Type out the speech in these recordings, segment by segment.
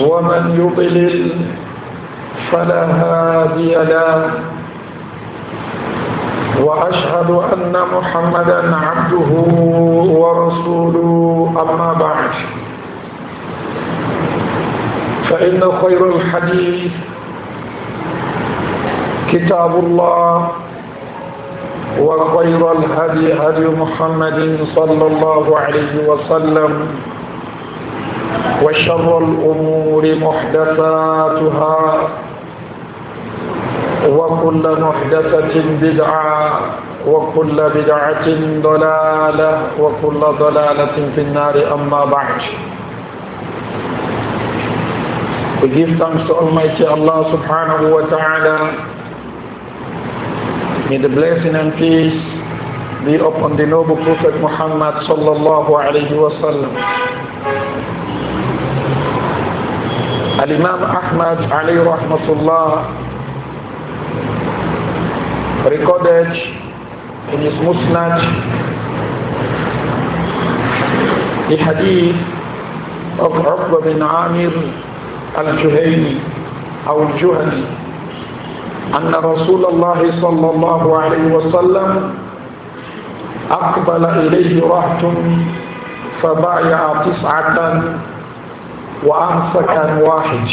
ومن يضلل فلا هادي له وأشهد أن محمدا عبده ورسوله أما بعد فإن خير الحديث كتاب الله وخير الهدي هدي محمد صلى الله عليه وسلم وشر الأمور محدثاتها وكل محدثة بدعة وكل بدعة ضلالة وكل ضلالة في النار أما بعد We give thanks to Almighty Allah subhanahu wa ta'ala. May the blessing and peace be upon the noble Prophet Muhammad sallallahu alayhi wa sallam. Al-Imam Ahmad alayhi rahmatullah recorded in his Musnad the hadith of Uqba bin Amir al-Juhayni أو الجهني أن رسول الله صلى الله عليه وسلم أقبل إليه رهط فبايع تسعة وأمسكا واحد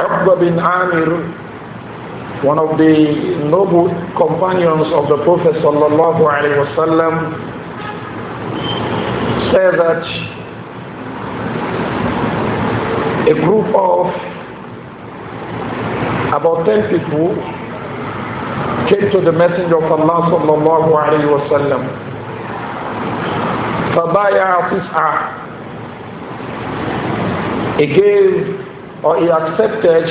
Uqba bin Amir one of the noble companions of the Prophet sallallahu alaihi wasallam, said that a group of about 10 people came to the Messenger of Allah sallallahu alayhi wa sallam. فَبَايَعَ تِسْعَةً He gave or he accepted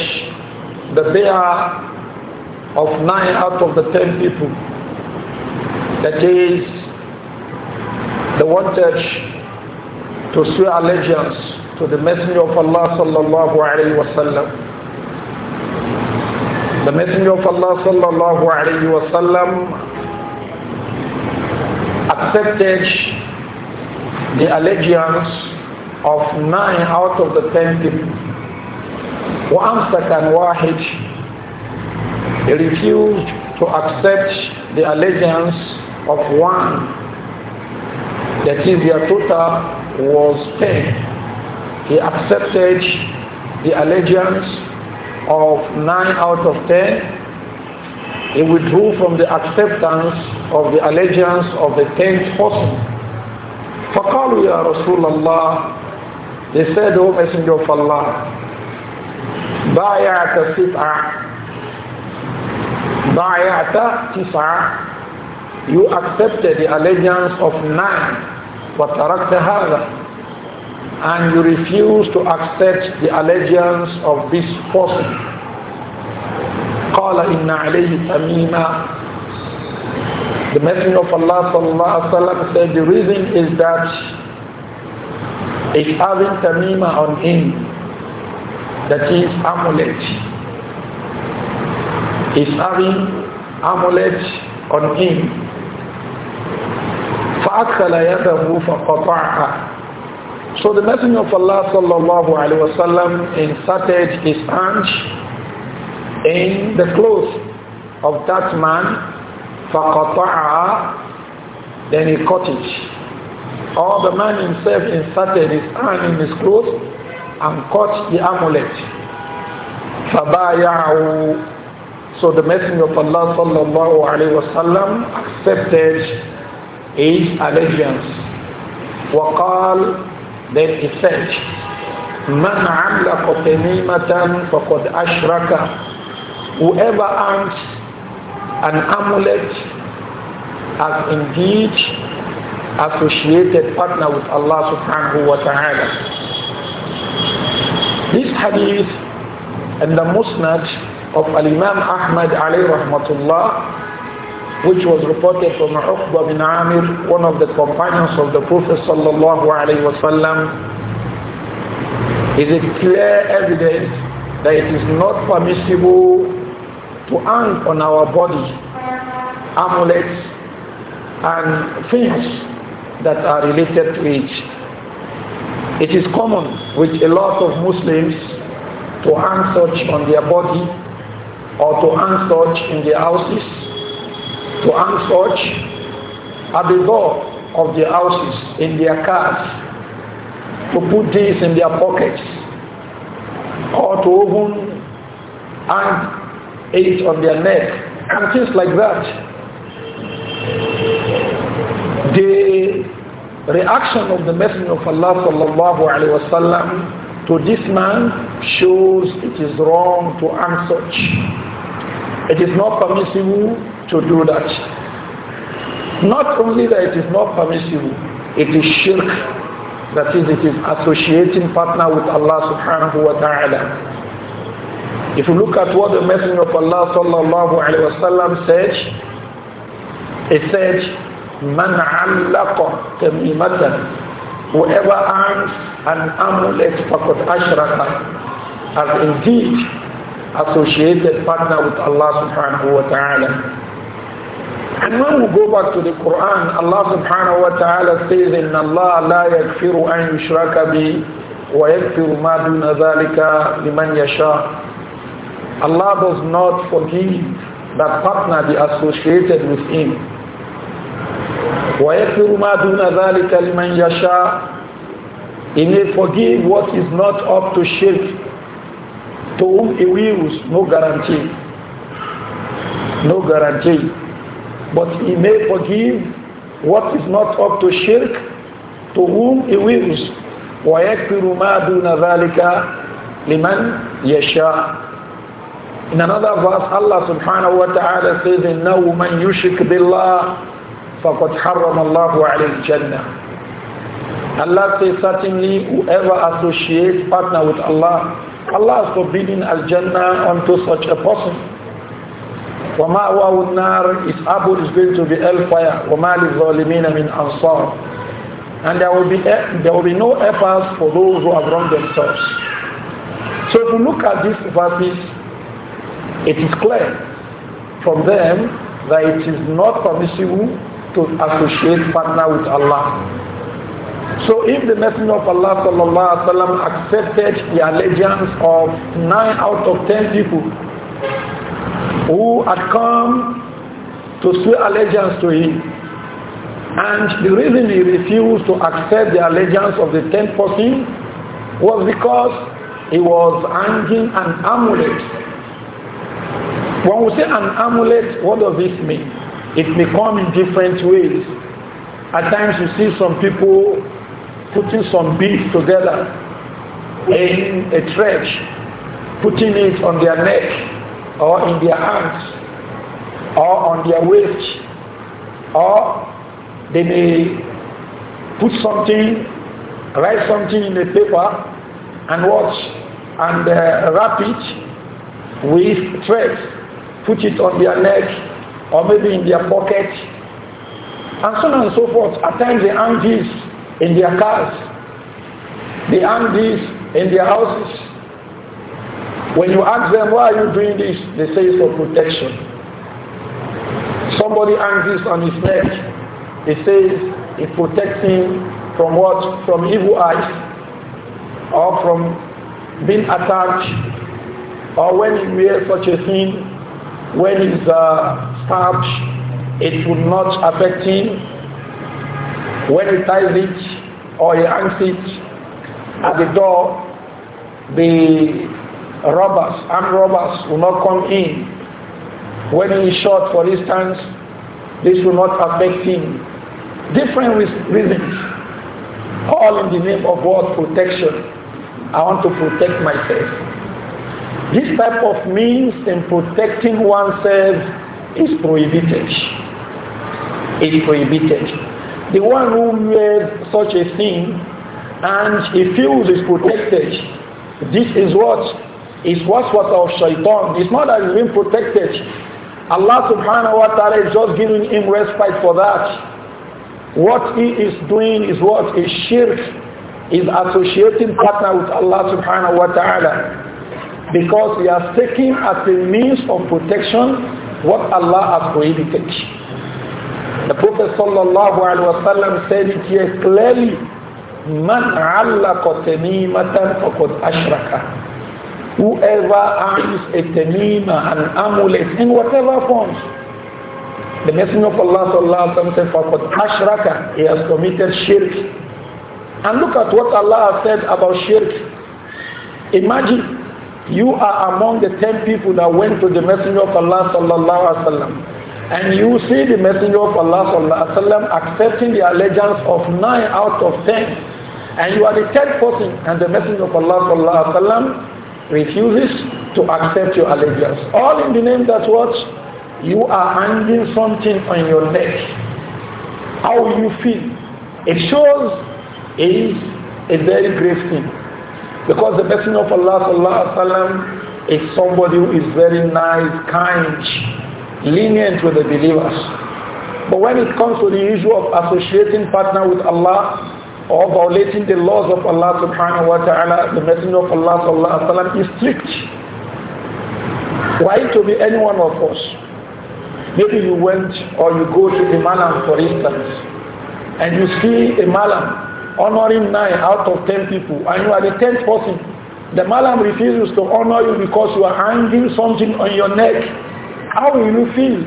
the bayah of nine out of the ten people. That is, the wanted to swear allegiance to the Messenger of Allah sallallahu alayhi wa sallam. The Messenger of Allah sallallahu alaihi wasallam accepted the allegiance of nine out of the ten people. وأمسك عن واحد He refused to accept the allegiance of one. That is, their total was ten. He accepted the allegiance of 9 out of 10, he withdrew from the acceptance of the allegiance of the 10th person. فَقَالُوا يَا رَسُولَ اللَّهِ They said, O Messenger of Allah, بَايَعْتَ سِبْعَ بَايَعْتَ تِسْعَةٍ You accepted the allegiance of 9 وَتَرَكْتَ هَذَا and you refuse to accept the allegiance of this person. قال إن عليه تميما The Messenger of Allah الله عليه وسلم said the reason is that it's having tamima on him that is amulet. He's having amulet on him. فأدخل يده فقطعها so the Messenger of Allah sallallahu alaihi wasallam inserted his hand in the clothes of that man فَقَطَعَهَا Then he cut it. Or the man himself inserted his hand in his clothes and cut the amulet. فَبَايَعُوا So the Messenger of Allah sallallahu alayhi wasallam accepted his allegiance. وَقَالَ then he said, Man amlaka tamimatan faqad ashraka. Whoever arms an amulet has indeed associated partner with Allah subhanahu wa ta'ala. This hadith and the musnad of Al-Imam Ahmad alayhi rahmatullah which was reported from Uqba bin Amir, one of the companions of the Prophet sallallahu alaihi wasallam, is a clear evidence that it is not permissible to hang on our body amulets and things that are related to it. It is common with a lot of Muslims to hang such on their body or to hang such in their houses to hang at the door of their houses, in their cars, to put this in their pockets, or to even hang it on their neck, and things like that. The reaction of the Messenger of Allah sallallahu alaihi wasallam to this man shows it is wrong to hang It is not permissible to do that. Not only that it is not permissible, it is shirk. That is, it is associating partner with Allah subhanahu wa ta'ala. If you look at what the Messenger of Allah sallallahu alayhi wa sallam said, he said, "من علّق tamimatan whoever arms an amulet faqad ashraka has indeed associated partner with Allah subhanahu wa ta'ala. And when we go back to the Quran, Allah subhanahu wa ta'ala says, إِنَّ اللَّهَ لَا يَكْفِرُ أَنْ يُشْرَكَ wa yakfiru مَا دُونَ ذَلِكَ لِمَنْ يَشَاءُ Allah does not forgive that partner be associated with him. وَيَكْفِرُ مَا دُونَ ذَلِكَ liman yasha. He may forgive what is not up to shirk, to whom he wills, no guarantee. No guarantee. But he may forgive what is not up to shirk to whom he wills. وَيَكْفِرُ مَا دُونَ ذَلِكَ لِمَنْ يَشَاءُ In another verse, Allah subhanahu wa ta'ala says, إِنَّهُ مَنْ يُشْرِكْ بِاللَّهِ فَقَدْ حَرَّمَ اللَّهُ عَلَيْهِ الْجَنَّةِ Allah says, certainly whoever associates partner with Allah, Allah has forbidden Al-Jannah unto such a person. وَمَأْوَهُ النَّارِ His Abu is going to be hellfire. وَمَا لِلظَّالِمِينَ مِنْ أَنصَارٍ And there will be there will be no efforts for those who have wronged themselves. So if you look at these verses, it is clear from them that it is not permissible to associate partner with Allah. So if the Messenger of Allah sallallahu alaihi wasallam accepted the allegiance of nine out of ten people who had come to swear allegiance to him. And the reason he refused to accept the allegiance of the tenth person was because he was hanging an amulet. When we say an amulet, what does this mean? It may come in different ways. At times you see some people putting some beads together in a trench, putting it on their neck or in their hands or on their waist or they may put something write something in a paper and watch and uh, wrap it with thread put it on their neck or maybe in their pocket and so on and so forth at times they hang this in their cars they hang this in their houses when you ask them, why are you doing this? They say it's for protection. Somebody hangs this on his neck. He says it protects him from what? From evil eyes or from being attacked or when he wears such a thing, when he's uh, stabbed, it will not affect him. When he ties it or he hangs it at the door, the robbers, armed robbers will not come in. When he is shot, for instance, this will not affect him. Different reasons, all in the name of what? Protection. I want to protect myself. This type of means in protecting oneself is prohibited. It's prohibited. The one who wears such a thing and he feels is protected, this is what it's what of shaitan. It's not that he's been protected. Allah subhanahu wa ta'ala is just giving him respite for that. What he is doing is what? Is shirk. Is associating partner with Allah subhanahu wa ta'ala. Because he has taken as a means of protection what Allah has prohibited. The Prophet sallallahu alaihi wasallam said it here clearly. Man allaqa tamimatan faqad ashraka whoever arms a tamima, an amulet, in whatever forms. The Messenger of Allah sallallahu alaihi wasallam said, ashraka," he has committed shirk. And look at what Allah has said about shirk. Imagine you are among the ten people that went to the Messenger of Allah sallallahu alaihi wasallam, and you see the Messenger of Allah sallallahu alaihi wasallam accepting the allegiance of nine out of ten, and you are the tenth person, and the Messenger of Allah sallallahu alaihi wasallam refuses to accept your allegiance. All in the name that what? You are hanging something on your neck. How you feel. It shows it is a very grave thing. Because the blessing of Allah sallam, is somebody who is very nice, kind, lenient with the believers. But when it comes to the issue of associating partner with Allah, or violating the laws of Allah subhanahu wa ta'ala, the Messenger of Allah sallallahu alaihi wasallam is strict. Why to be any one of us? Maybe you went or you go to the malam for instance, and you see a malam honoring nine out of ten people, and you are the tenth person. The malam refuses to honor you because you are hanging something on your neck. How will you feel?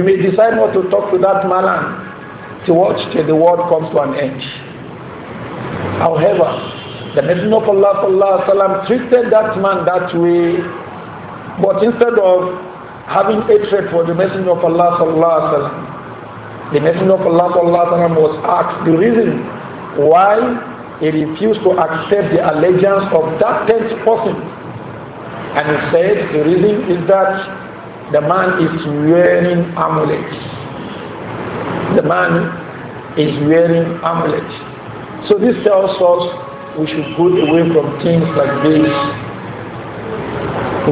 You may decide not to talk to that malam to watch till the world comes to an end. However, the Messenger of Allah sallallahu treated that man that way, but instead of having hatred for the Messenger of Allah sallallahu the Messenger of Allah sallallahu was asked the reason why he refused to accept the allegiance of that tenth person. And he said the reason is that the man is wearing amulets. The man is wearing amulets. So this tells us we should go away from things like this.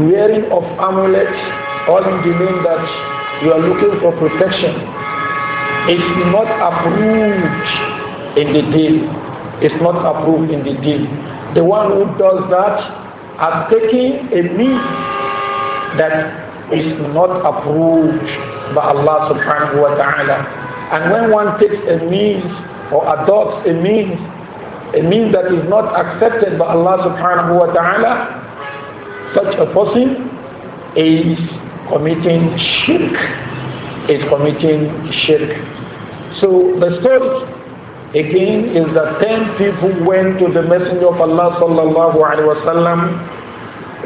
Wearing of amulets, all in the name that you are looking for protection, is not approved in the deal. It's not approved in the deal. The one who does that are taking a means that is not approved by Allah subhanahu wa ta'ala. And when one takes a means or adopts a means, a means that is not accepted by Allah subhanahu wa ta'ala, such a person is committing shirk, is committing shirk. So the story again is that 10 people went to the messenger of Allah sallallahu alaihi wasallam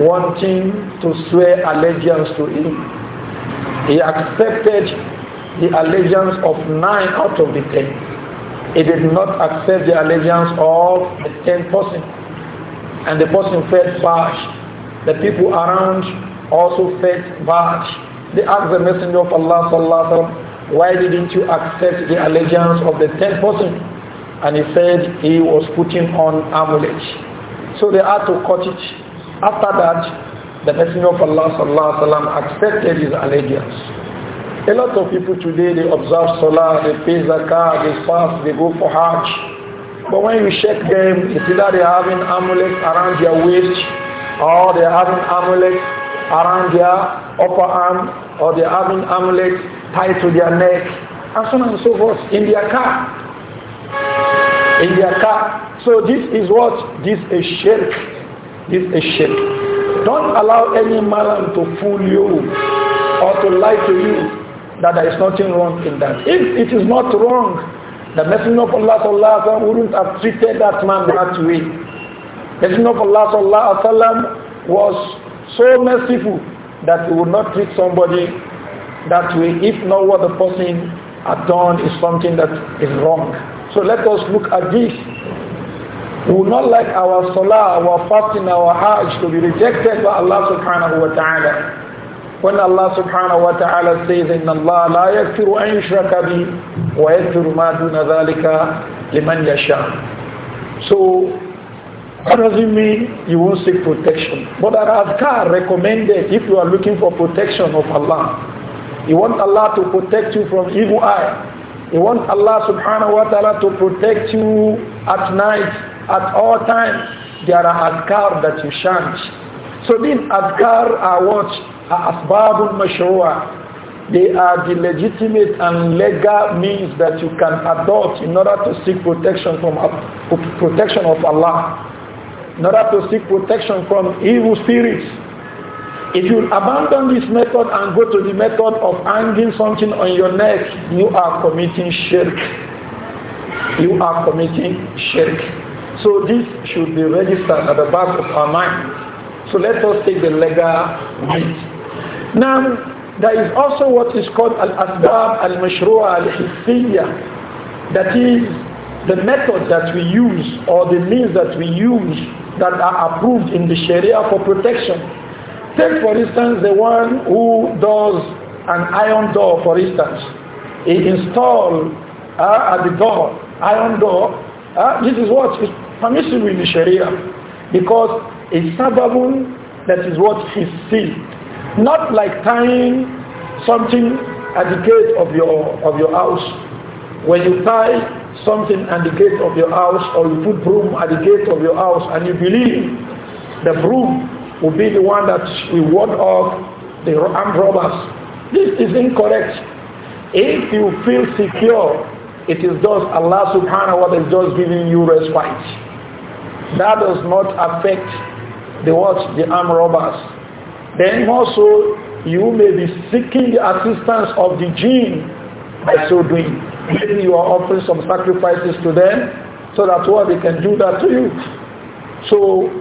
wanting to swear allegiance to him. He accepted the allegiance of nine out of the ten he did not accept the allegiance of the ten person. And the person felt bash. The people around also felt bash. They asked the messenger of Allah sallallahu alaihi wasallam, why didn't you accept the allegiance of the ten person? And he said he was putting on amulet. So they had to cut it. After that, the messenger of Allah sallallahu alaihi wasallam accepted his allegiance. A lot of people today, they observe Salah, they pay Zakah, they fast, they go for Hajj. But when you check them, see that they're having amulets around their waist, or they're having amulets around their upper arm, or they're having amulets tied to their neck, and so on and so forth, in their car. In their car. So this is what? This is shirk. This is shirk. Don't allow any man to fool you or to lie to you that there is nothing wrong in that. If it is not wrong, the Messenger of Allah sallallahu alaihi wouldn't have treated that man that way. The Messenger of Allah sallallahu alaihi wasallam was so merciful that he would not treat somebody that way if not what the person had done is something that is wrong. So let us look at this. We will not like our salah, our fasting, our hajj to be rejected by Allah subhanahu wa ta'ala. When Allah subhanahu wa ta'ala says, إِنَّ اللَّهَ لَا يَكْفِرُ أَنْ يُشْرَكَ بِهِ وَيَكْفِرُ مَا دُونَ ذَلِكَ لِمَنْ يَشَاءُ So, what does it mean you won't seek protection. But there adhkar recommended if you are looking for protection of Allah. You want Allah to protect you from evil eye. You want Allah subhanahu wa ta'ala to protect you at night, at all times. There are adhkar that you shan't. So these adhkar are what? asbabul mashru'a. They are the legitimate and legal means that you can adopt in order to seek protection from protection of Allah, in order to seek protection from evil spirits. If you abandon this method and go to the method of hanging something on your neck, you are committing shirk. You are committing shirk. So this should be registered at the back of our mind. So let us take the legal means. Now, there is also what is called al-asbab al-mashru'a al-hissiyya. That is the method that we use or the means that we use that are approved in the Sharia for protection. Take for instance the one who does an iron door for instance. He installs uh, at the door, iron door. Uh, this is what is permissible in the Sharia because it's sababun that is what he's sealed. Not like tying something at the gate of your, of your house. When you tie something at the gate of your house or you put broom at the gate of your house and you believe the broom will be the one that will ward off the armed robbers. This is incorrect. If you feel secure, it is just Allah subhanahu wa ta'ala is just giving you respite. That does not affect the what? The armed robbers. Then also, you may be seeking the assistance of the jinn by so doing. Maybe you are offering some sacrifices to them so that what they can do that to you. So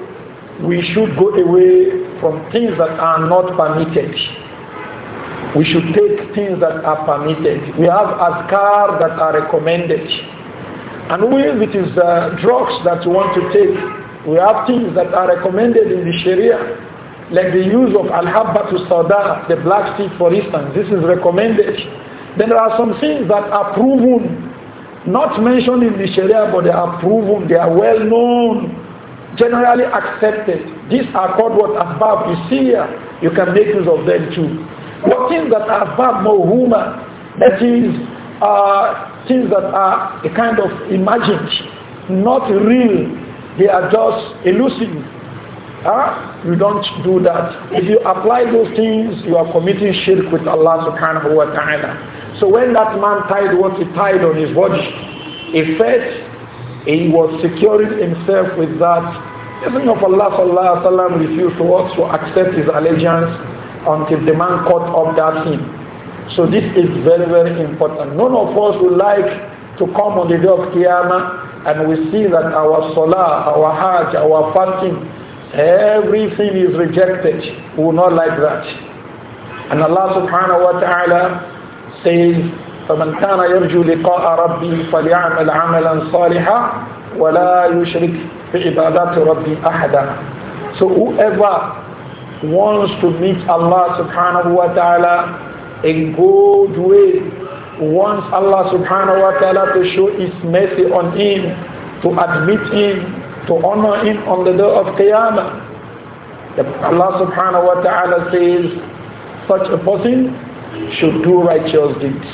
we should go away from things that are not permitted. We should take things that are permitted. We have ascar that are recommended. And if it is uh, drugs that you want to take, we have things that are recommended in the Sharia like the use of al-habbatu sada, the black seed for instance, this is recommended. Then there are some things that are proven, not mentioned in the Sharia, but they are proven, they are well known, generally accepted. These are called what asbab you see here, you can make use of them too. What things that are more mawhuma, that is, uh, things that are a kind of imagined, not real, they are just elusive Huh? You don't do that. If you apply those things, you are committing shirk with Allah subhanahu wa ta'ala. So when that man tied what he tied on his body, he said he was securing himself with that. Even of Allah sallallahu alayhi wa sallam refused to also accept his allegiance until the man caught up that sin. So this is very, very important. None of us would like to come on the day of Qiyamah and we see that our salah, our hajj, our fasting, Everything is rejected. We will not like that. And Allah subhanahu wa ta'ala says, فَمَنْ كَانَ يَرْجُو لِقَاءَ رَبِّهِ فَلْيَعْمَلْ عَمَلًا صَالِحًا وَلَا يُشْرِكْ بِعِبَادَةِ رَبِّهِ أَحَدًا So whoever wants to meet Allah subhanahu wa ta'ala in good way, wants Allah subhanahu wa ta'ala to show his mercy on him, to admit him to honor him on the day of Qiyamah. Allah subhanahu wa ta'ala says, such a person should do righteous deeds.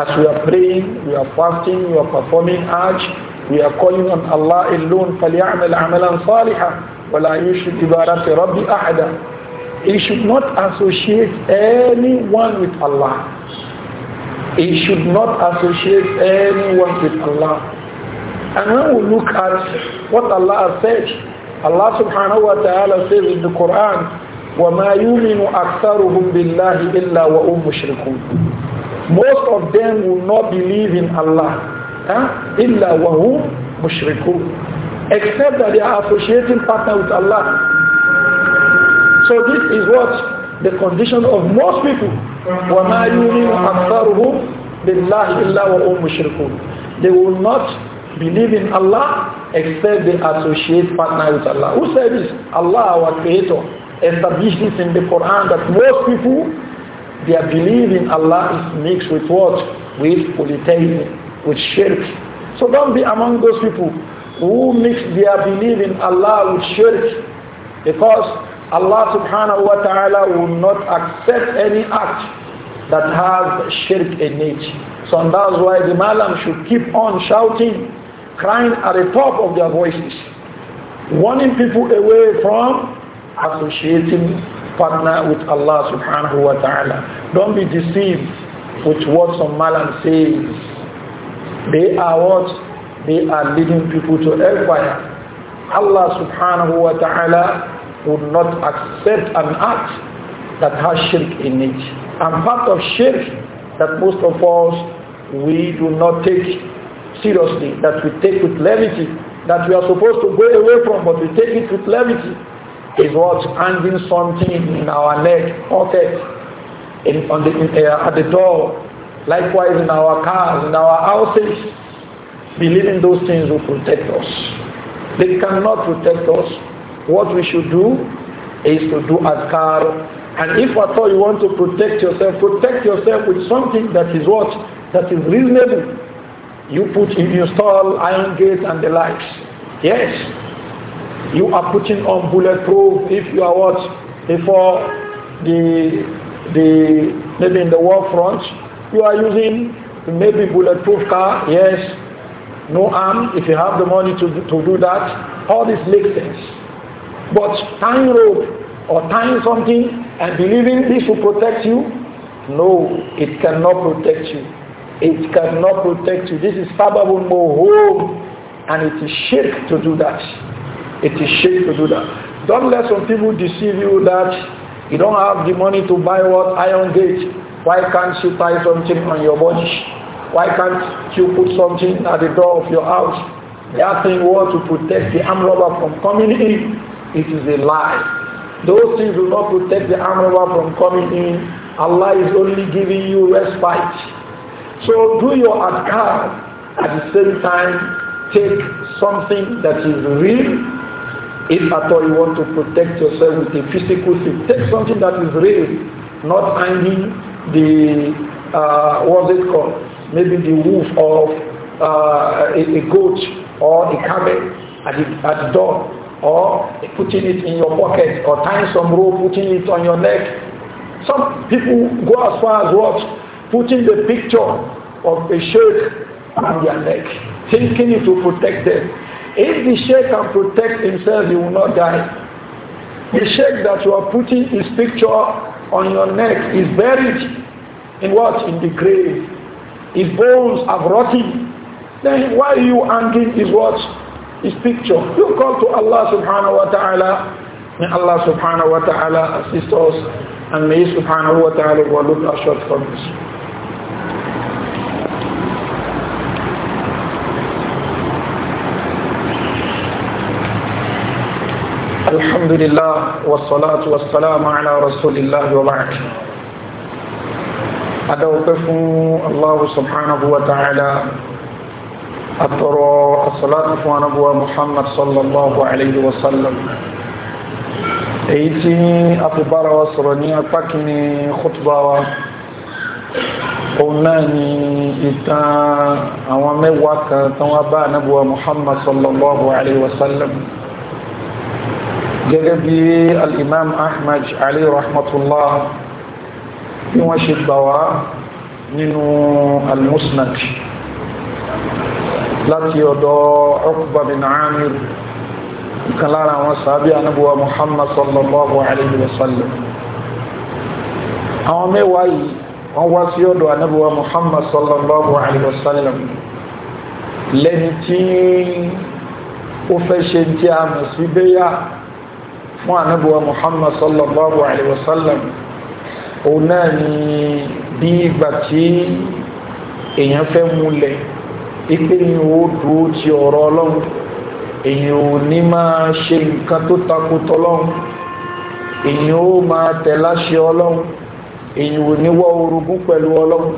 As we are praying, we are fasting, we are performing Hajj, we are calling on Allah alone, فَلْيَعْمَلْ عَمَلًا صَالِحًا وَلَا يُشْرِكْ بِعَبَادَةِ رَبِّ أَحَدًا He should not associate anyone with Allah. He should not associate anyone with Allah. And when we look at what Allah said, Allah subhanahu wa ta'ala says in the Quran, وَمَا يُؤْمِنُ أَكْثَرُهُمْ بِاللَّهِ إِلَّا وَهُمْ مُشْرِكُونَ Most of them will not believe in Allah. Huh? إِلَّا وَهُمْ مُشْرِكُونَ Except that they are associating partner with Allah. So this is what the condition of most people. وَمَا يُؤْمِنُ أَكْثَرُهُمْ بِاللَّهِ إِلَّا وَهُمْ مُشْرِكُونَ They will not believe in Allah except they associate partner with Allah. Who said this? Allah, our creator, established this in the Quran that most people, their belief in Allah is mixed with what? With polytheism, with shirk. So don't be among those people who mix their belief in Allah with shirk because Allah subhanahu wa ta'ala will not accept any act that has shirk in it. So that's why the Malam should keep on shouting crying at the top of their voices, warning people away from associating partner with Allah subhanahu wa ta'ala. Don't be deceived with what some malam says. They are what? They are leading people to hellfire. Allah subhanahu wa ta'ala would not accept an act that has shirk in it. And part of shirk that most of us, we do not take seriously, that we take with levity, that we are supposed to go away from, but we take it with levity, is what hanging something in our neck, pocket, in, on the, in, uh, at the door, likewise in our cars, in our houses. Believing those things will protect us. They cannot protect us. What we should do is to do as car. And if at all you want to protect yourself, protect yourself with something that is what? That is reasonable you put, you install iron gates and the likes. Yes. You are putting on bulletproof if you are what? Before the, the, maybe in the war front, you are using maybe bulletproof car. Yes. No arm if you have the money to, to do that. All this makes sense. But tying rope or tying something and believing this will protect you, no, it cannot protect you. It cannot protect you. This is sababun muhum. And it is shirk to do that. It is shirk to do that. Don't let some people deceive you that you don't have the money to buy what iron gate. Why can't you tie something on your body? Why can't you put something at the door of your house? are thing was to protect the arm robber from coming in. It is a lie. Those things will not protect the arm robber from coming in. Allah is only giving you respite. So do your adhkar at the same time take something that is real if at all you want to protect yourself with a physical thing. Take something that is real, not hanging the, uh, what's it called, maybe the wolf of uh, a, a goat or a camel at the, at the door or putting it in your pocket or tying some rope, putting it on your neck. Some people go as far as what? putting the picture of a sheikh on their neck, thinking it will protect them. If the sheikh can protect himself, he will not die. The sheikh that you are putting his picture on your neck is buried in what? In the grave. His bones have rotted. Then why are you hanging his what? His picture. You call to Allah subhanahu wa ta'ala. May Allah subhanahu wa ta'ala assist us and may subhanahu wa ta'ala overlook our shortcomings. الحمد لله والصلاة والسلام على رسول الله وبعد أدوقف الله سبحانه وتعالى أترى الصلاة ونبوة محمد صلى الله عليه وسلم èyí tí a fi bára wa sọ̀rọ̀ ní apá kìíní khutba wa òun náà ni ìtàn àwọn mẹ́wàá kan tán wá bá ànábì wa Muhammad sallallahu alayhi wa sallam gẹ́gẹ́ bí al-imam ahmad ali rahmatullah bí wọ́n ṣe gbà wá nínú al-musnad láti ọ̀dọ̀ Uqba bin amir kan lára àwọn sàábí anábúwa muhammad sallallahu alayhi wa sallam àwọn mẹ́wàá yìí wọ́n wá sí ọ̀dọ̀ anábúwa muhammad sallallahu alayhi wa sallam lẹ́ni tí ó fẹ́ ṣe tí a mọ̀ sí bẹ́yà fún anábíwá muhammad sallallahu alaihi wasallam òun náà ni bí ìgbà tí èèyàn fẹ́ múlẹ̀ ipé ni ó dúró ti ọ̀rọ̀ ọlọ́run èèyàn ò ní máa ṣe nǹkan tó takò tọlọ́run èèyàn ó máa tẹ̀láṣẹ ọlọ́run èèyàn ò ní wá orogún pẹ̀lú ọlọ́run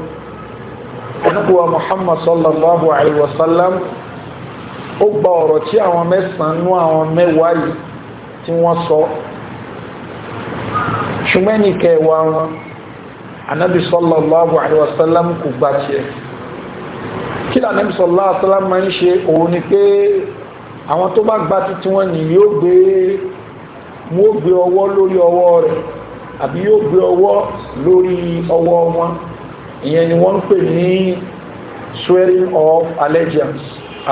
anábíwá muhammad sallallahu alaihi wasallam ó gba ọ̀rọ̀ tí àwọn mẹ́sàn-án nú àwọn mẹ́wàá yìí tí wọ́n sọ ṣùgbọ́n ní kẹwàá wọn anábì sallallahu alaihi wasallam kò gbà tiẹ̀ kí lànàbì sallallahu alaihi wasallam máa ń ṣe òun ni pé àwọn tó bá gba títí wọn ni yóò gbé wọn ó gbé ọwọ́ lórí ọwọ́ rẹ̀ àbí yóò gbé ọwọ́ lórí ọwọ́ wọn ìyẹn ni wọ́n ń pè ní swearing of allegiance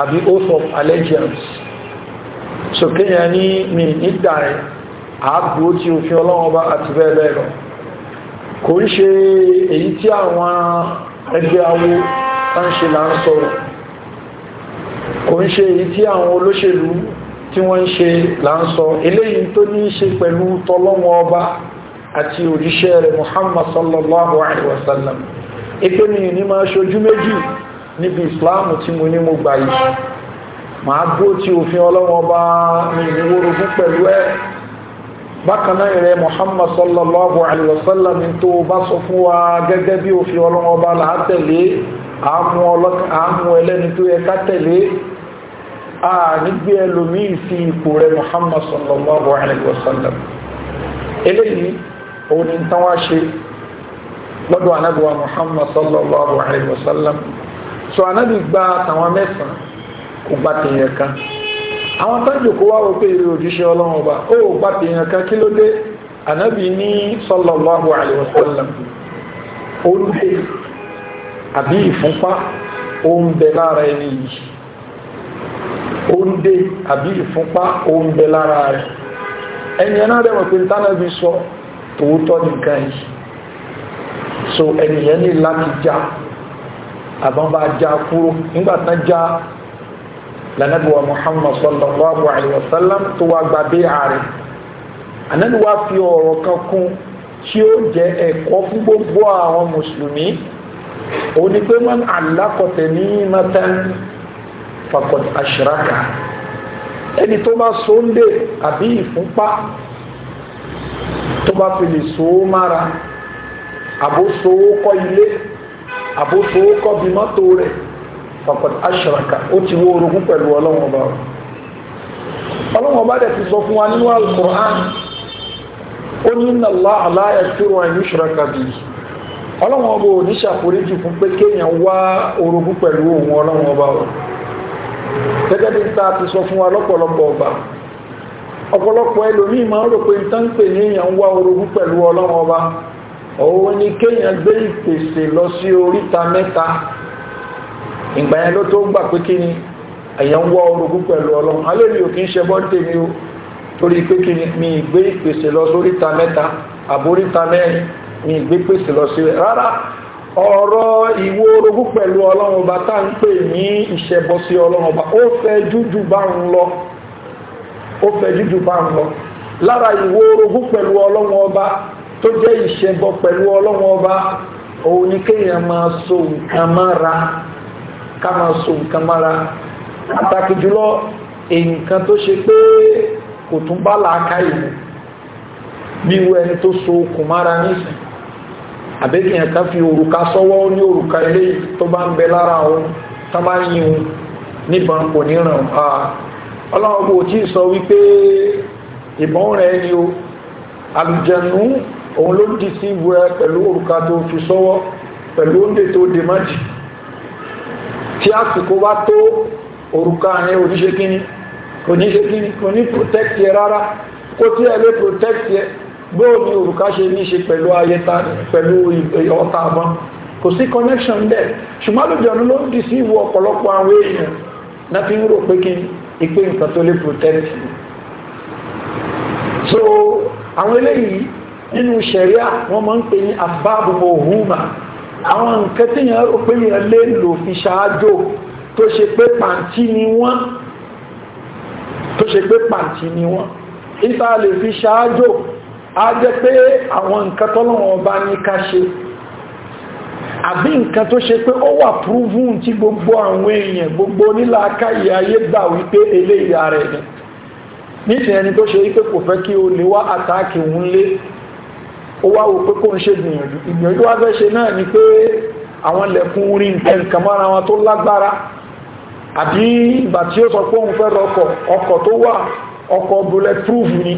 àbí oath of allegiance sókè yẹn ní mi nígbà rẹ̀ àábò tí òfin ọlọ́wọ́ bá àti bẹ́ẹ̀ bẹ́ẹ̀ lọ kò ń ṣe èyí tí àwọn ẹgbẹ́ awo tá ń ṣe là ń sọ̀rọ̀ kò ń ṣe èyí tí àwọn olóṣèlú tí wọ́n ń ṣe là ń sọ eléyìí tó ní ṣe pẹ̀lú tọlọ́wọ́ ọba àti òjíṣẹ́ rẹ̀ Muhammad sallallahu alaihi wasallam ìpè mi ní máa ṣojú méjì níbi ìsìláàmù tí mo ní mo gbà yìí màá dó tí òfin ọlọ́wọ́ bá mi ìwúrogún pẹ̀lú ẹ bákan náà ìrẹ Muhammad sallallahu alayhi wa sallam ní tó bá sọ fún wa gẹ́gẹ́ bí òfin ọlọ́wọ́ bá là á tẹ̀lé àmú ẹlẹ́ni tó yẹ ká tẹ̀lé a nígbé ẹlòmíì sí ipò rẹ Muhammad anábì gba àtàwọn mẹ́sàn-án ó gbá tèèyàn kan àwọn tó ń jòkó wá wọ pé èrè òjíṣẹ́ ọlọ́run ọba ó gbá kan kí ló dé ànábì ní sallallahu alaihi wasallam ó dé àbí ìfúnpá ó ń bẹ lára ẹni yìí ó ń dé àbí ìfúnpá ó tòótọ́ nìkan yìí so ẹnìyẹn ní láti já àbọ̀n bá já kúrò nígbàtán já lànàbíwá muhammad sallallahu alayhi wa sallam tó wá gba bí ààrẹ ànábi wá fi ọ̀rọ̀ kan kún tí ó jẹ́ ẹ̀kọ́ fún gbogbo àwọn mùsùlùmí ó ní pé man alákọ̀tẹ̀ ní matan fakọ̀t àṣíraka ẹni tó bá so àbí ìfúnpá tó bá fi lè so mára àbó so ó ilé àbó so ó bí mọ́tò rẹ̀ faqad ashraka ó ti wó orogún pẹ̀lú ọlọ́wọ́n ọba ọlọ́wọ́n ọba dẹ̀ ti sọ fún wa nínú al-Qur'an ó ní inna Allaha la yaghfiru an yushraka bihi ọlọ́wọ́n ọba ò ní ṣàforíjì fún pé kéèyàn wá orogún pẹ̀lú òun ọlọ́wọ́n ọba wọn gẹ́gẹ́ bí ta ti sọ fún wa lọ́pọ̀lọpọ̀ ọba ọ̀pọ̀lọpọ̀ ẹlòmíì máa ń rò pé nǹkan pè ní èèyàn ń wá orogún pẹ̀lú ọlọ́run ọba òun ni kéèyàn gbé ìpèsè lọ sí oríta mẹ́ta ìgbà yẹn ló tó gbà pé kí ni èèyàn ń wọ orogún pẹ̀lú ọlọ́run alẹ́ mi ò kí ń ṣe bọ́ńdé mi o torí pé kí ni mi ìgbé ìpèsè lọ sóríta mẹ́ta àbóríta mẹ́rin mi ìgbé pèsè lọ sí rárá ọ̀rọ̀ ìwó orogún pẹ̀lú ọlọ́run ọba tá ń pè ní ìṣẹ̀bọ sí ọlọ́run ọba ó fẹ́ jújù bá ń lọ ó fẹ́ jújù bá ń lọ lára ìwó orogún pẹ̀lú ọlọ́run ọba tó jẹ́ ìṣẹ̀bọ pẹ̀lú ọlọ́run ọba òun ni kéèyàn máa so nǹkan mára ká máa so nǹkan mára pàtàkì jùlọ nǹkan tó ṣe pé kò tún bá làákà ìlú bí wo ẹni tó so okùn mára nísìn àbẹ́kìyàn kan fi òrùka sọ́wọ́ ní òrùka ilé tó bá ń bẹ lára òun tó bá ń yin níbọn kò ní ah, ọlọ́run kò tí sọ wípé ìbọn rẹ̀ ni o àlùjẹ̀nù òun ló dì sí ìwú ẹ pẹ̀lú òrùka tó fi sọ́wọ́ pẹ̀lú oúnjẹ tó dè májì tí àsìkò bá tó òrùka àrin oníṣe kíní oníṣe kíní oní protect yẹ rárá kó tí ẹ lè protect yẹ bóò ní òrùka ṣe ní ṣe pẹ̀lú ayẹta pẹ̀lú ọta àbọn kò sí connection there ṣùgbọ́n lójọ́nù ló ń dì sí ìwọ ọ̀pọ̀lọpọ̀ àwọn èèyàn náà fi ń rò pé kí ìpé nǹkan tó lè protect you so àwọn eléyìí nínú ṣẹ̀ríà wọ́n máa ń pè ní àbábùmọ̀ òhùnmá àwọn nǹkan tí yẹn rò pé yẹn lè lò fi ṣáájò tó ṣe pé pàǹtí ni wọ́n tó ṣe pé pàǹtí ni wọ́n ìta lè fi ṣáájò á jẹ́ pé àwọn nǹkan tọ́lọ́wọ́n bá ní ká ṣe àbí nǹkan tó ṣe pé ó wà proven tí gbogbo àwọn èèyàn gbogbo onílàáká ìyáyé gbà wípé eléyìí ara ẹni nítorí ẹni tó ṣe wípé kò fẹ́ kí o lè wá àtàkì òun lé ó wá wò pé kó ń ṣe gbìyànjú ìgbìyànjú wá fẹ́ ṣe náà ni pé àwọn lẹ̀kùn rí nǹkan nǹkan mọ́ra wọn tó lágbára àbí ìgbà tí ó sọ pé òun fẹ́ rọ ọkọ̀ ọkọ̀ tó wà ọkọ̀ bullet proof ni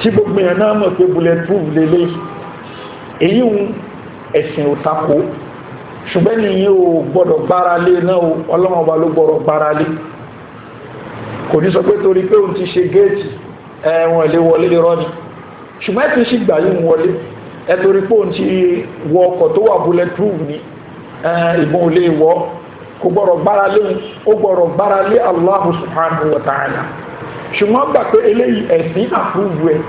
tí gbogbo èèyàn náà mọ̀ pé bullet proof lélẹ̀ èyí ń ẹ̀sìn ò tako ṣùgbọ́n nìyí ò gbọ́dọ̀ gbára lé náà ọlọ́mọba ló gbọ́dọ̀ gbára lé kò ní sọ pé torí pé òun ti ṣe géètì ẹ̀wọ̀n ìléwọlé lè rọ́ ṣùgbọ́n ẹ̀sìn sì gbà yìí ń wọlé ẹ̀tọ́rí fóun ti wọ ọkọ̀ tó wà bullet proof ni ìbọn ò lè wọ kò gbọ́dọ̀ gbára lé ó gbọ́dọ̀ gbára lé Allah subhanahu wa ta'ala ṣùgbọ́n gbà pé eléyìí ẹ̀sìn àpúrúvù ẹ̀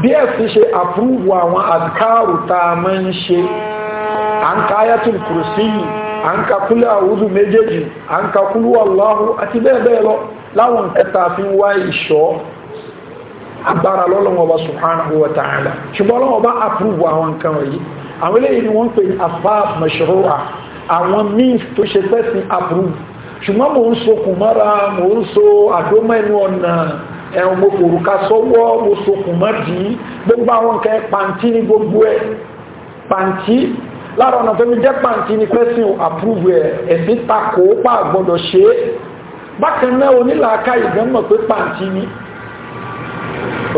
bí ẹ̀sìn ṣe àpúrúvù àwọn àkáàrù tá a máa ń ṣe à ń ka ayatul kursi à ń ka kúlẹ̀ àwùdù méjèèjì à ń ka kúlú Allahu àti bẹ́ẹ̀ bẹ́ẹ̀ lọ láwọn ẹ̀ta fi ń wá ìṣọ́ agbára lọ́lọ́wọ́ ọba subhanahu wa ta'ala ṣùgbọ́n ọlọ́wọ́ bá approve àwọn nǹkan wọ̀nyí àwọn eléyìí ni wọ́n ń pè ní asbab mashru'a àwọn means tó ṣe pẹ́ sí approve ṣùgbọ́n mò ń so kùmọ́ra mò ń so àdómẹ́nu ọ̀nà ẹ̀rùn mo fòrùka sọ́wọ́ mo so kùmọ́dì gbogbo àwọn nǹkan pàǹtí ní gbogbo ẹ̀ pàǹtí lára ọ̀nà tó bákan náà onílàáká ìgbẹ́mọ̀ pé pàǹtí ni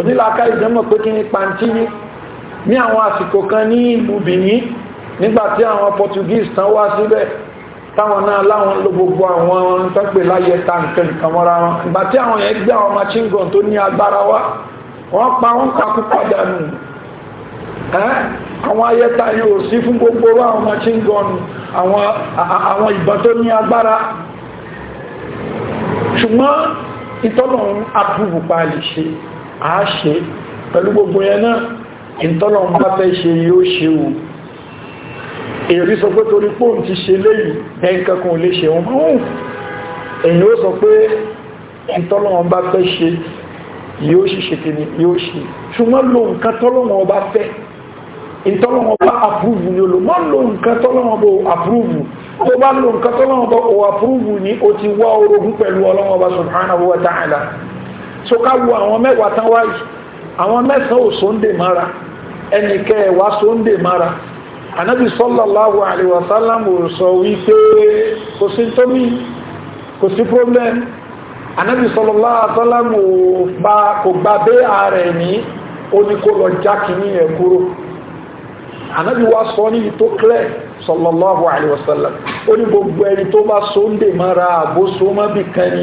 onílàáká ìdánmọ̀ pé kí ní pàntí ní ní àwọn àsìkò kan ní ìlú Benin nígbàtí àwọn Portuguese tán wá síbẹ̀ táwọn náà láwọn lo gbogbo àwọn tọ́pẹ̀ láyẹ ta nǹkan nǹkan mọ́ra wọn ìgbà tí àwọn yẹn gbé àwọn machine gun tó ní agbára wá wọ́n pa wọ́n kakú padà nù àwọn ayẹta yẹn ò sí fún gbogbo àwọn machine gun àwọn ìbọn tó ní agbára ṣùgbọ́n ìtọ́nà àbúrú pa lè ṣe a ṣe pẹ̀lú gbogbo yẹn náà ìtọ́lọ̀ bá fẹ́ ṣe yóò ṣe o èrí sọ pé torí pòun ti ṣe léyìí ẹnìkan kan ò lè ṣe wọn hùn èyí ó sọ pé ìtọ́lọ̀ ń bá fẹ́ ṣe yóò ṣe ṣe kìíní ṣe ṣùgbọ́n lò nǹkan tọ́lọ́wọ́n tó bá lo nǹkan tọ́lọ́wọ́n ọba ò àpúrúvù ni ó ti wá orogún pẹ̀lú ọlọ́wọ́n ọba subhanahu wa ta'ala so ká wo àwọn mẹ́wàá tán wáyé àwọn mẹ́sàn ò sóńdè mára ẹnì kẹwàá sóńdè mára ànábì sallallahu alaihi wasallam ò sọ wípé kò sí tómi kò sí problem ànábì sallallahu alaihi wasallam kò gba bé ààrẹ ní ó ní kó lọ já kìíní yẹn kúrò ànábì wa sọ ní tó clear sallallahu alaihi ó ní gbogbo ẹni tó bá sóńdè mára àbó sómọ́bì kan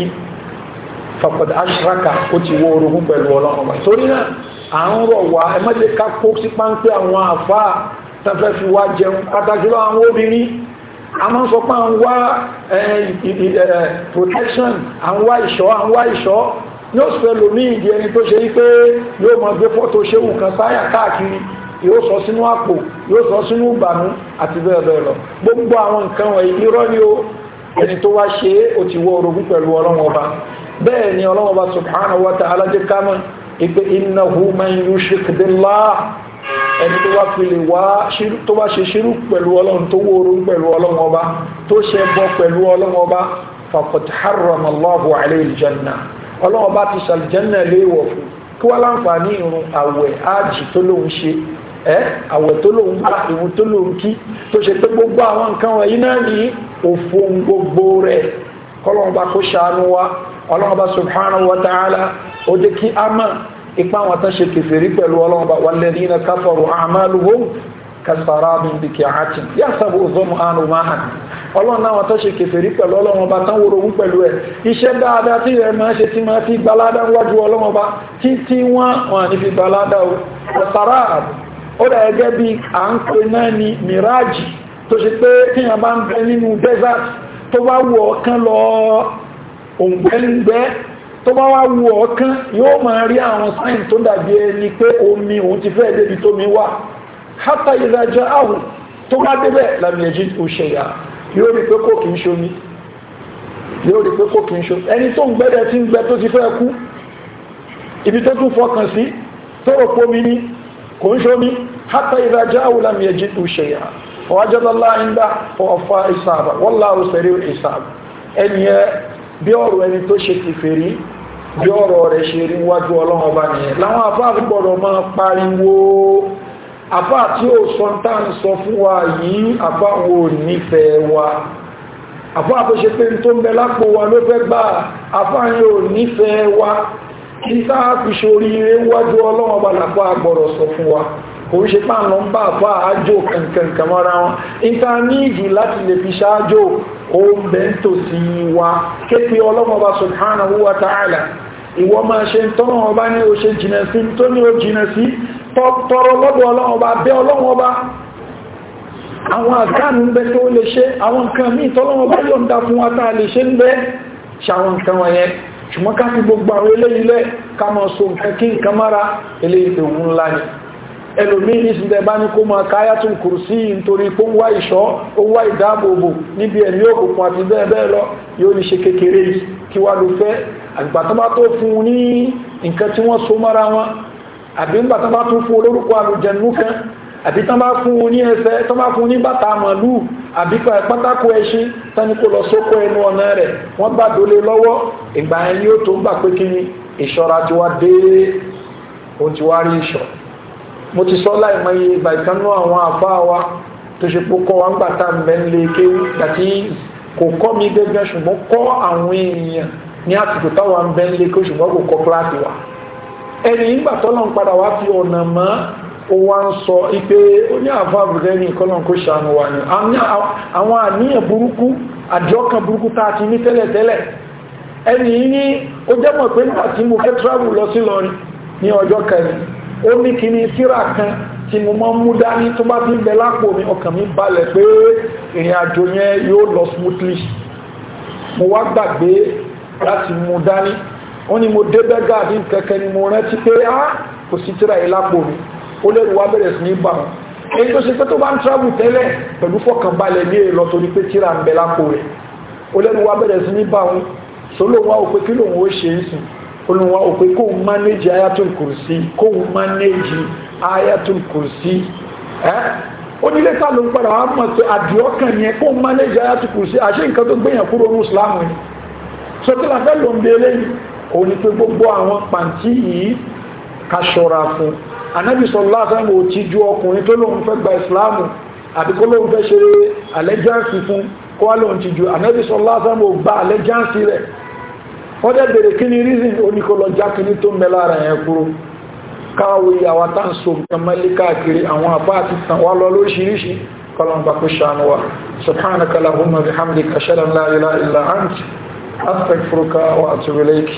fàkọ̀dà aṣáka ó ti wọ orogún pẹ̀lú ọlọ́run ọba torí náà à ń rọ̀ wá ẹ má jẹ́ ká kó sí páńpẹ́ àwọn àfáà tán fi wá jẹun pàtàkì lọ àwọn obìnrin a máa ń sọ pé à ń wá protection à ń wá ìṣọ́ à ń wá ìṣọ́ yóò sì fẹ́ lòmí ìdí ẹni tó ṣe wípé yóò máa gbé fọ́tò ṣéwù kan sáyà káàkiri yóò sọ sínú àpò yóò sọ sínú ìbànú àti bẹ́ẹ̀ bẹ́ẹ̀ lọ gbogbo àwọn nǹkan wọ̀nyí irọ́ ni ó ẹni tó wá ṣe é ó ti wọ orogún pẹ̀lú ọlọ́run ọba bẹ́ẹ̀ ni ọlọ́wọ́ bá subhanahu wa ta'ala jẹ́ kámọ́ ìpé innahu man yushrik billah ẹni tó bá fi lè wá tó bá ṣe ṣírú pẹ̀lú ọlọ́run tó wóorú pẹ̀lú ọlọ́run tó ṣe bọ pẹ̀lú ọlọ́run ọba faqad harrama Allahu bá kó ṣàánú wa ọlọ́ọ̀bá subhanahu wa ta'ala ó jẹ́ kí a mọ̀ ipa wọn tán ṣe kèfèrí pẹ̀lú ọlọ́ọ̀bá walladhina kafaru a'maluhum kasarabin biqi'atin yasabu dhum'anu ma'an ọlọ́run náà tó ṣe kèfèrí pẹ̀lú ọlọ́run ọba tán wòrò wún pẹ̀lú ẹ̀ iṣẹ́ dáadáa tí rẹ̀ máa ṣe tí máa fi gbaládá wájú ọlọ́run náà tó ṣe pé kíyàn bá ń bẹ nínú desert tó bá wù ọ̀kan lọ òǹgbẹ́ ń gbẹ́ tó bá wá wu ọ̀ọ́kán yóò máa rí àwọn sáyìn tó dàbí ẹni pé omi òun ti fẹ́ débi tómi wá hátà ìdájọ́ àwùn tó bá débẹ̀ làmì ẹ̀jí tó ṣe yà yóò rí pé kò kì í ṣomi yóò rí pé kò kì í ṣomi ẹni tó ń gbẹ́dẹ̀ tí ń gbẹ tó ti fẹ́ kú ibi tó tún fọkàn sí tó rò pómi ní kò ń ṣomi hátà ìdájọ́ àwùn làmì ẹ̀jí tó ń dá fọ́ ọ̀fà ìsàbà wọ́lá òṣèré ìsàbà ẹni ẹ bí ọ̀rọ̀ ẹni tó ṣe ti fèrí bí ọ̀rọ̀ rẹ̀ ṣe rí wájú ọlọ́run ọba nìyẹn láwọn afáà tó gbọ́dọ̀ máa pariwo afáà tí ó sọ ń sọ fún wa yìí afáà wo nífẹ̀ẹ́ wa àfáà tó ṣe pé tó ń bẹ lápò wa ló fẹ́ gbà àfáà yóò nífẹ̀ẹ́ wa o ń bẹ wa képe ọlọ́mọba subhanahu wa ta'ala ìwọ máa ṣe tọ́nà ọba ní o ṣe jìnà sí tó ní o jìnà sí tọrọ lọ́dọ̀ ọlọ́mọba bẹ ọlọ́mọba àwọn àkánù ń bẹ tó lè ṣe àwọn nǹkan míì tọ́lọ́mọba yóò fún wa a lè ṣe ń bẹ ṣàwọn nǹkan ẹlòmí ìsìnlẹ̀ bá ní kó máa káyàtùn kùrùsí nítorí kó ń wá ìṣọ́ ó wá ìdáàbòbò níbi ẹ̀mí òkùnkùn àti bẹ́ẹ̀ bẹ́ẹ̀ lọ yóò ní ṣe kékeré kí wá ló fẹ́ àgbàtọ́má tó fún ní nǹkan tí tani kò lọ sóko ẹnu ọ̀nà rẹ̀ wọ́n bá dólé lọ́wọ́ ìgbà yẹn yóò tó wá dé ohun ti wá rí ìṣọ́ mo ti sọ láìmọye ìgbà ìkanú àwọn àfáà wa tó ṣe pé kọ́ wa ń gbàtà mẹ́lẹ̀ kéwú àti kò kọ́ mi gẹ́gẹ́ ṣùgbọ́n kọ́ àwọn èèyàn ní àsìkò táwa ń bẹ́ nílé kéwú ṣùgbọ́n kò kọ́ kíláàsì wa ẹni ìgbà tọ́lọ́ ń padà wá fi ọ̀nà mọ́ ó wá ń sọ ipe oní àfáà bùrẹ́ ní ìkọ́lọ́n kó ṣàánú wa ni àwọn àníyàn burúkú àdìọ́kàn burúkú tá a ti ní tẹ́lẹ̀tẹ́lẹ̀ ẹni ní ó jẹ́mọ̀ pé nígbà tí mo fẹ́ travel lọ sí lọrin ní ọjọ́ kẹrin ó ní kí ni síra kan tí mo máa ń mú dání tó bá ti ń bẹ lápò mi ọkàn mi balẹ̀ pé ìrìn àjò yẹn yóò lọ smoothly mo wá gbàgbé láti mú dání ó ní mo dé bẹ́gàdì kẹ̀kẹ́ ni mo rántí pé á kò sí tíra yìí lápò mi ó lẹ́rù wá bẹ̀rẹ̀ sí ní bà wọ́n èyí tó ṣe pé tó bá ń travel tẹ́lẹ̀ pẹ̀lú fọkànbalẹ̀ ní èèlọ torí pé tíra ń bẹ lápò rẹ̀ ó lẹ́rù wá bẹ̀rẹ̀ sí ní bà wọ́n sólò wá ò kí lòun ó ṣe é sìn olùwà òpè kó ń mánéjì ayatul kùrùsí kó ń mánéjì ayatul kùrùsí ẹ́ onílé ta ló ń padà wá mọ̀ pé àdìọ́kàn yẹn kó ń mánéjì ayatul kùrùsí àṣé nǹkan tó gbéyàn kúrò ní islam ni sọtìlà fẹ́ ló ń bi eléyìí òun ni pé gbogbo àwọn pàǹtí yìí ká ṣọ́ra fún anábì sallallahu alaihi wasallam ti ju ọkùnrin tó lóun fẹ́ gba islam àbí kó lóun fẹ́ ṣe àlẹ́jáǹsì fún kó wá lóun ti ju anábì sallallahu alaihi wasallam gba àlẹ́jáǹsì rẹ̀ wọ́n dẹ̀ bèèrè kí ni reason oníkọlọ jákìní tó mẹ́ lára ẹ̀ kúrò káwò ìyàwó tá ń so nǹkan mẹ́lẹ́ káàkiri àwọn àbá àti tàn wá lọ lóríṣiríṣi kọlọmbà kó wa subhanaka lahumma bihamdika ashhadu an la ilaha illa anta astaghfiruka wa atubu